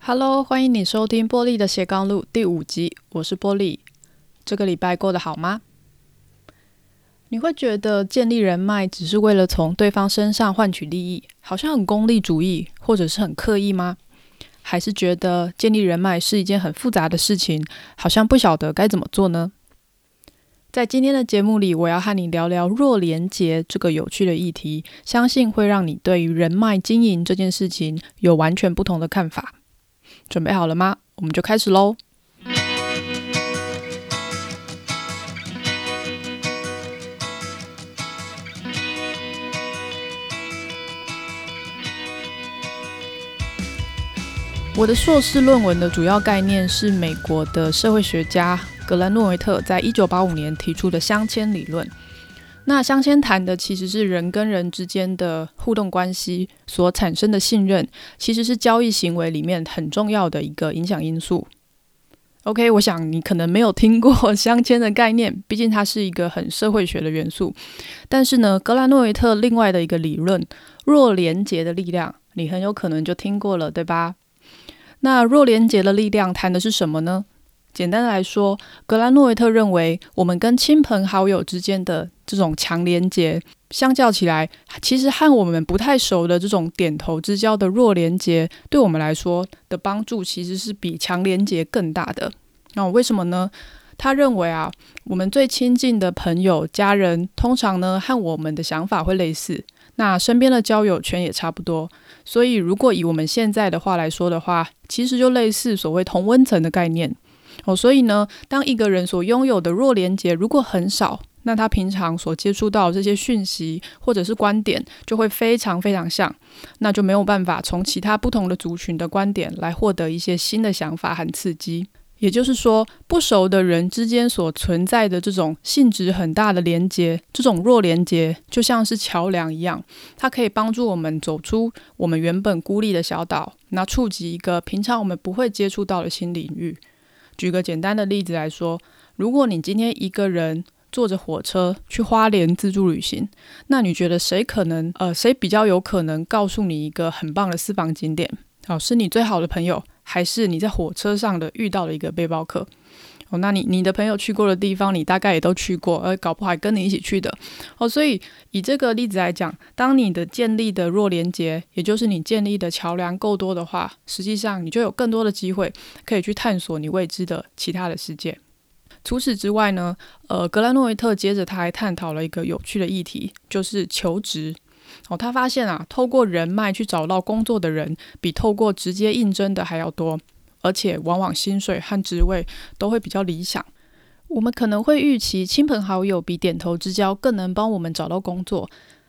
哈嘍，Hello, 歡迎你收聽《波莉的斜槓路》第五集，我是波莉。這個禮拜過得好嗎？你會覺得建立人脈只是為了從對方身上換取利益，好像很功利主義，或者是很刻意嗎？還是覺得建立人脈是一件很複雜的事情，好像不曉得該怎麼做呢？在今天的節目裡，我要和你聊聊弱連結這個有趣的議題，相信會讓你對於人脈經營這件事情有完全不同的看法。準備好了嗎？我們就開始嘍。我的碩士論文的主要概念是美國的社會學家格蘭諾維特在一九八五年提出的鑲嵌理論。那鑲嵌談的其實是人跟人之間的互動關係所產生的信任，其實是交易行為裡面很重要的一個影響因素。OK，我想你可能沒有聽過鑲嵌的概念，畢竟它是一個很社會學的元素。但是呢，格蘭諾維特另外的一個理論——弱連結的力量，你很有可能就聽過了，對吧？那弱連結的力量談的是什麼呢？簡單來說，格蘭諾維特認為，我們跟親朋好友之間的這種強連結，相較起來，其實和我們不太熟的這種點頭之交的弱連結，對我們來說的幫助其實是比強連結更大的。那、啊、為什麼呢？他認為啊，我們最親近的朋友、家人，通常呢，和我們的想法會類似，那身邊的交友圈也差不多。所以，如果以我們現在的話來說的話，其實就類似所謂同溫層的概念。哦，所以呢，當一個人所擁有的弱連結如果很少，那他平常所接觸到的這些訊息或者是觀點就會非常非常像，那就沒有辦法從其他不同的族群的觀點來獲得一些新的想法和刺激。也就是說，不熟的人之間所存在的這種性質很大的連結，這種弱連結就像是橋梁一樣，它可以幫助我們走出我們原本孤立的小島，那觸及一個平常我們不會接觸到的新領域。舉個簡單的例子來說，如果你今天一個人坐着火車去花蓮自助旅行，那你覺得誰可能？呃，誰比較有可能告訴你一個很棒的私房景點？啊、哦，是你最好的朋友，還是你在火車上的遇到的一個背包客？哦，那你你的朋友去過的地方，你大概也都去過，而搞不好還跟你一起去的。哦，所以以這個例子來講，當你的建立的弱連結，也就是你建立的橋樑夠多的話，實際上你就有更多的機會可以去探索你未知的其他的世界。除此之外呢，呃，格蘭諾維特接着他還探討了一個有趣的議題，就是求職。哦，他發現啊，透過人脈去找到工作的人，比透過直接應徵的還要多。而且往往薪水和職位都會比較理想。我們可能會預期親朋好友比點頭之交更能幫我們找到工作，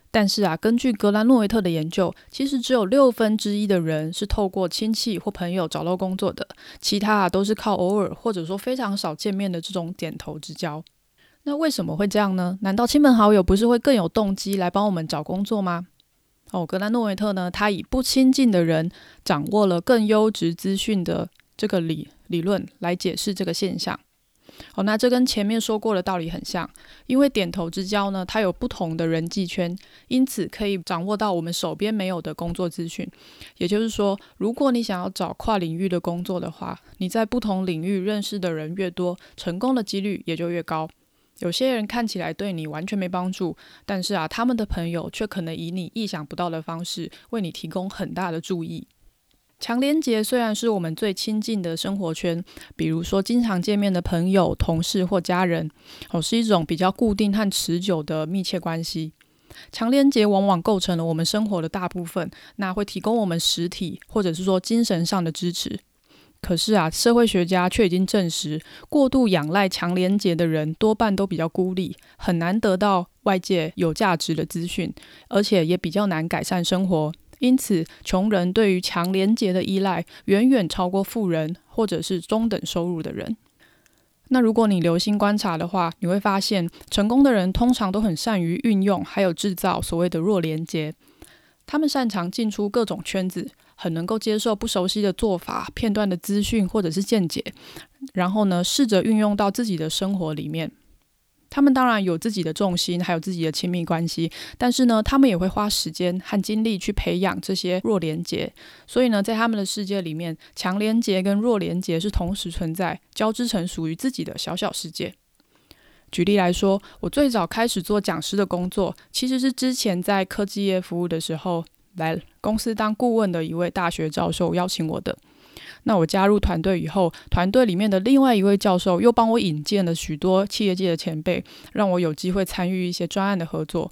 但是啊，根據格蘭諾維特的研究，其實只有六分之一的人是透過親戚或朋友找到工作的，其他啊都是靠偶爾或者說非常少見面的這種點頭之交。那為什麼會這樣呢？難道親朋好友不是會更有動機來幫我們找工作嗎？哦，格蘭諾維特呢，他以不親近的人掌握了更優質資訊的。這個理理論來解釋這個現象，好、哦，那這跟前面說過的道理很像，因為點頭之交呢，它有不同的人際圈，因此可以掌握到我們手邊沒有的工作資訊。也就是說，如果你想要找跨領域的工作的話，你在不同領域認識的人越多，成功的幾率也就越高。有些人看起來對你完全沒幫助，但是啊，他們的朋友卻可能以你意想不到的方式為你提供很大的助益。強連結雖然是我們最親近的生活圈，比如說經常見面的朋友、同事或家人，哦，是一種比較固定和持久的密切關係。強連結往往構成了我們生活的大部分，那會提供我們實體或者是說精神上的支持。可是啊，社會學家卻已經證實，過度仰賴強連結的人，多半都比較孤立，很難得到外界有價值的資訊，而且也比較難改善生活。因此，窮人對於強連結的依賴遠遠超過富人或者是中等收入的人。那如果你留心觀察的話，你會發現，成功的人通常都很善於運用，還有制造所謂的弱連結。他們擅長進出各種圈子，很能夠接受不熟悉的做法、片段的資訊或者是見解，然後呢，試着運用到自己的生活裡面。他們當然有自己的重心，還有自己的親密關係，但是呢，他們也會花時間和精力去培養這些弱連結。所以呢，在他們的世界裡面，強連結跟弱連結是同時存在，交織成屬於自己的小小世界。舉例來說，我最早開始做講師的工作，其實是之前在科技業服務的時候，來公司當顧問的一位大學教授邀請我的。那我加入團隊以後，團隊裡面的另外一位教授又幫我引薦了許多企業界的前輩，讓我有機會參與一些專案的合作。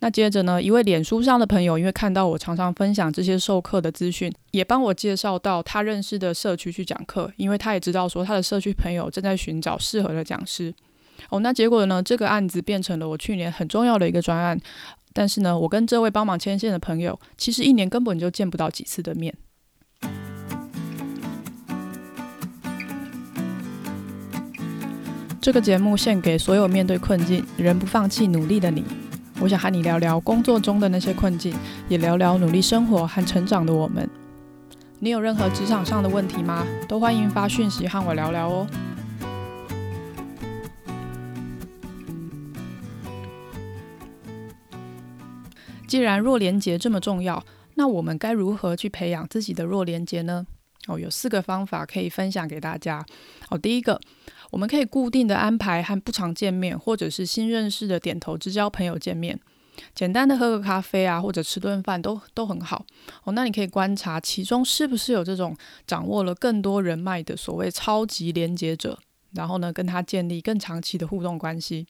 那接着呢，一位臉書上的朋友因為看到我常常分享這些授課的資訊，也幫我介紹到他認識的社區去講課，因為他也知道說他的社區朋友正在尋找適合的講師。哦，那結果呢，這個案子變成了我去年很重要的一個專案，但是呢，我跟這位幫忙牽線的朋友其實一年根本就見不到幾次的面。這個節目獻給所有面對困境仍不放棄努力的你。我想和你聊聊工作中的那些困境，也聊聊努力生活和成長的我們。你有任何職場上的問題嗎？都歡迎發訊息和我聊聊哦。既然弱連結這麼重要，那我們該如何去培養自己的弱連結呢？哦，有四個方法可以分享給大家。哦，第一個，我們可以固定的安排和不常見面或者是新認識的點頭之交朋友見面，簡單的喝個咖啡啊，或者吃頓飯都都很好。哦，那你可以觀察其中是不是有這種掌握了更多人脈的所謂超級連接者，然後呢，跟他建立更長期的互動關係。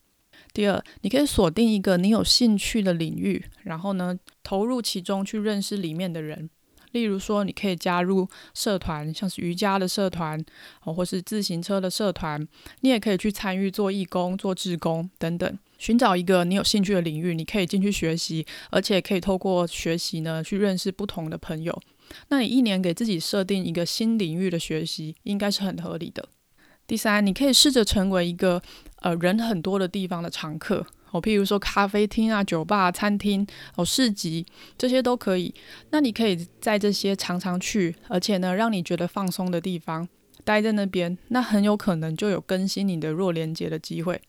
第二，你可以鎖定一個你有興趣的領域，然後呢，投入其中去認識裡面的人。例如說，你可以加入社團，像是瑜伽的社團，哦，或是自行車的社團，你也可以去參與做義工、做志工等等，尋找一個你有興趣的領域，你可以進去學習，而且可以透過學習呢，去認識不同的朋友。那你一年給自己設定一個新領域的學習，應該是很合理的。第三，你可以試着成為一個，呃，人很多的地方的常客。哦，譬如說咖啡廳啊、酒吧、啊、餐廳、哦，市集這些都可以。那你可以在這些常常去，而且呢，讓你覺得放鬆的地方待在那邊，那很有可能就有更新你的弱連結的機會。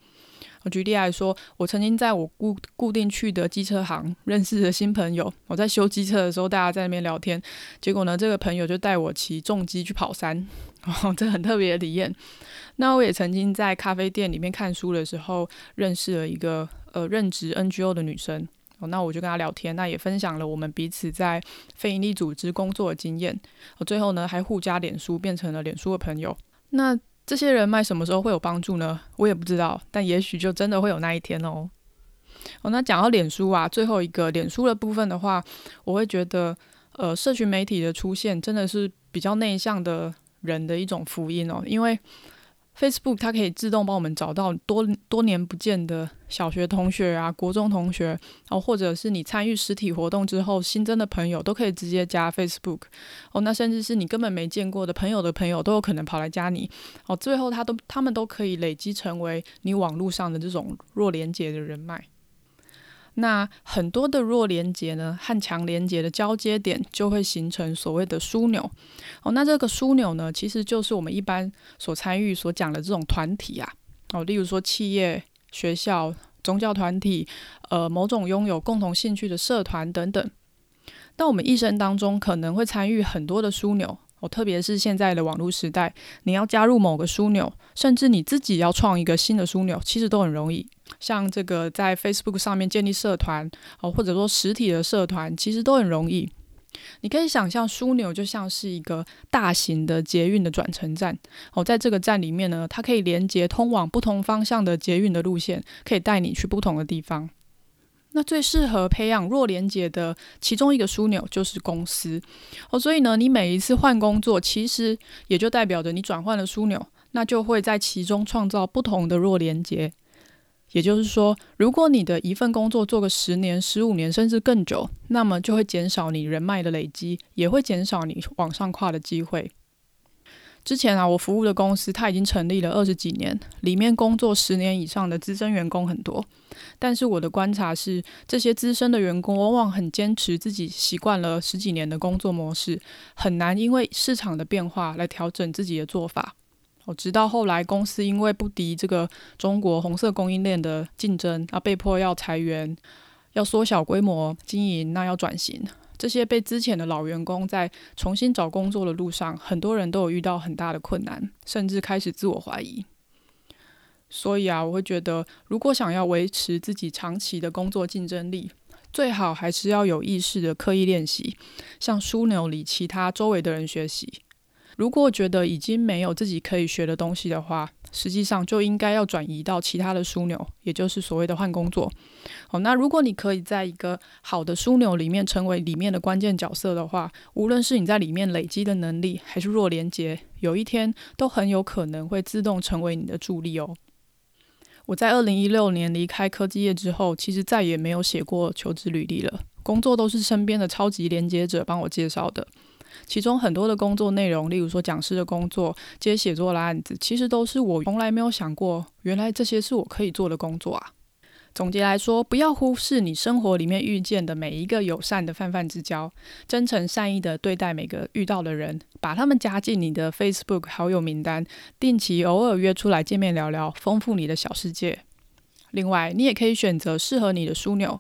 我舉例來說，我曾經在我固固定去的機車行認識的新朋友，我在修機車的時候，大家在那邊聊天，結果呢，這個朋友就帶我騎重機去跑山，哦，這很特別的體驗。那我也曾經在咖啡店裡面看書的時候，認識了一個呃任職 NGO 的女生，哦，那我就跟她聊天，那也分享了我們彼此在非營利組織工作的經驗，哦，最後呢，還互加臉書，變成了臉書的朋友。那這些人脈什麼時候會有幫助呢？我也不知道，但也許就真的會有那一天哦。哦，那講到臉書啊，最後一個臉書的部分的話，我會覺得，呃，社群媒體的出現真的是比較內向的人的一種福音哦，因為。Facebook 它可以自動幫我們找到多多年不見的小學同學啊、國中同學，哦，或者是你參與實體活動之後新增的朋友，都可以直接加 Facebook，哦，那甚至是你根本沒見過的朋友的朋友都有可能跑來加你，哦，最後他都他們都可以累積成為你網絡上的這種弱連結的人脈。那很多的弱連結呢，和強連結的交接點就會形成所謂的樞紐。哦，那這個樞紐呢，其實就是我們一般所參與、所講的這種團體啊。哦，例如說企業、學校、宗教團體，呃，某種擁有共同興趣的社團等等。那我們一生當中可能會參與很多的樞紐。哦，特別是現在的網絡時代，你要加入某個樞紐，甚至你自己要創一個新的樞紐，其實都很容易。像這個在 Facebook 上面建立社團哦，或者說實體的社團，其實都很容易。你可以想象，樞紐就像是一個大型的捷運的轉乘站哦，在這個站裡面呢，它可以連接通往不同方向的捷運的路線，可以帶你去不同的地方。那最適合培養弱連結的其中一個樞紐就是公司哦，所以呢，你每一次換工作，其實也就代表着你轉換了樞紐，那就會在其中創造不同的弱連結。也就是說，如果你的一份工作做個十年、十五年，甚至更久，那麼就會減少你人脈的累積，也會減少你往上跨的機會。之前啊，我服務的公司，它已經成立了二十幾年，裡面工作十年以上的資深員工很多。但是我的觀察是，這些資深的員工往往很堅持自己習慣了十幾年的工作模式，很難因為市場的變化來調整自己的做法。我直到後來公司因為不敵這個中國紅色供應鏈的競爭，啊，被迫要裁員，要縮小規模經營，那要轉型，這些被資遣的老員工在重新找工作的路上，很多人都有遇到很大的困難，甚至開始自我懷疑。所以啊，我會覺得，如果想要維持自己長期的工作競爭力，最好還是要有意識地刻意練習，向樞紐裡其他周圍的人學習。如果覺得已經沒有自己可以學的東西的話，實際上就應該要轉移到其他的樞紐，也就是所謂的換工作。好，那如果你可以在一個好的樞紐裡面成為裡面的關鍵角色的話，無論是你在裡面累積的能力還是弱連結，有一天都很有可能會自動成為你的助力哦。我在二零一六年離開科技業之後，其實再也沒有寫過求職履歷了，工作都是身邊的超級連接者幫我介紹的。其中很多的工作內容，例如說講師的工作、接寫作的案子，其實都是我從來沒有想過，原來這些是我可以做的工作啊。總結來說，不要忽視你生活裡面遇見的每一個友善的泛泛之交，真誠善意地對待每個遇到的人，把他們加進你的 Facebook 好友名單，定期偶爾約出來見面聊聊，豐富你的小世界。另外，你也可以選擇適合你的樞紐，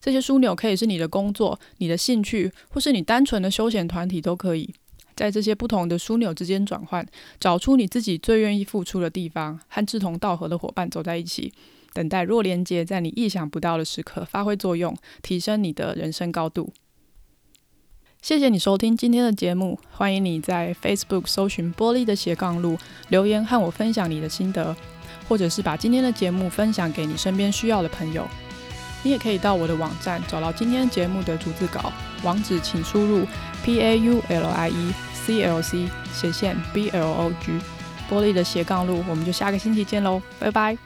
這些樞紐可以是你的工作、你的興趣，或是你單純的休閒團體都可以，在這些不同的樞紐之間轉換，找出你自己最願意付出的地方，和志同道合的夥伴走在一起，等待弱連結在你意想不到的時刻發揮作用，提升你的人生高度。謝謝你收聽今天的節目，歡迎你在 Facebook 搜尋“波莉的斜槓路”，留言和我分享你的心得。或者是把今天的節目分享給你身邊需要的朋友，你也可以到我的網站找到今天節目的逐字稿，網址請輸入 p a u l i e c l c，斜線 b l o g，波莉的斜槓路。我們就下個星期見嘍，拜拜。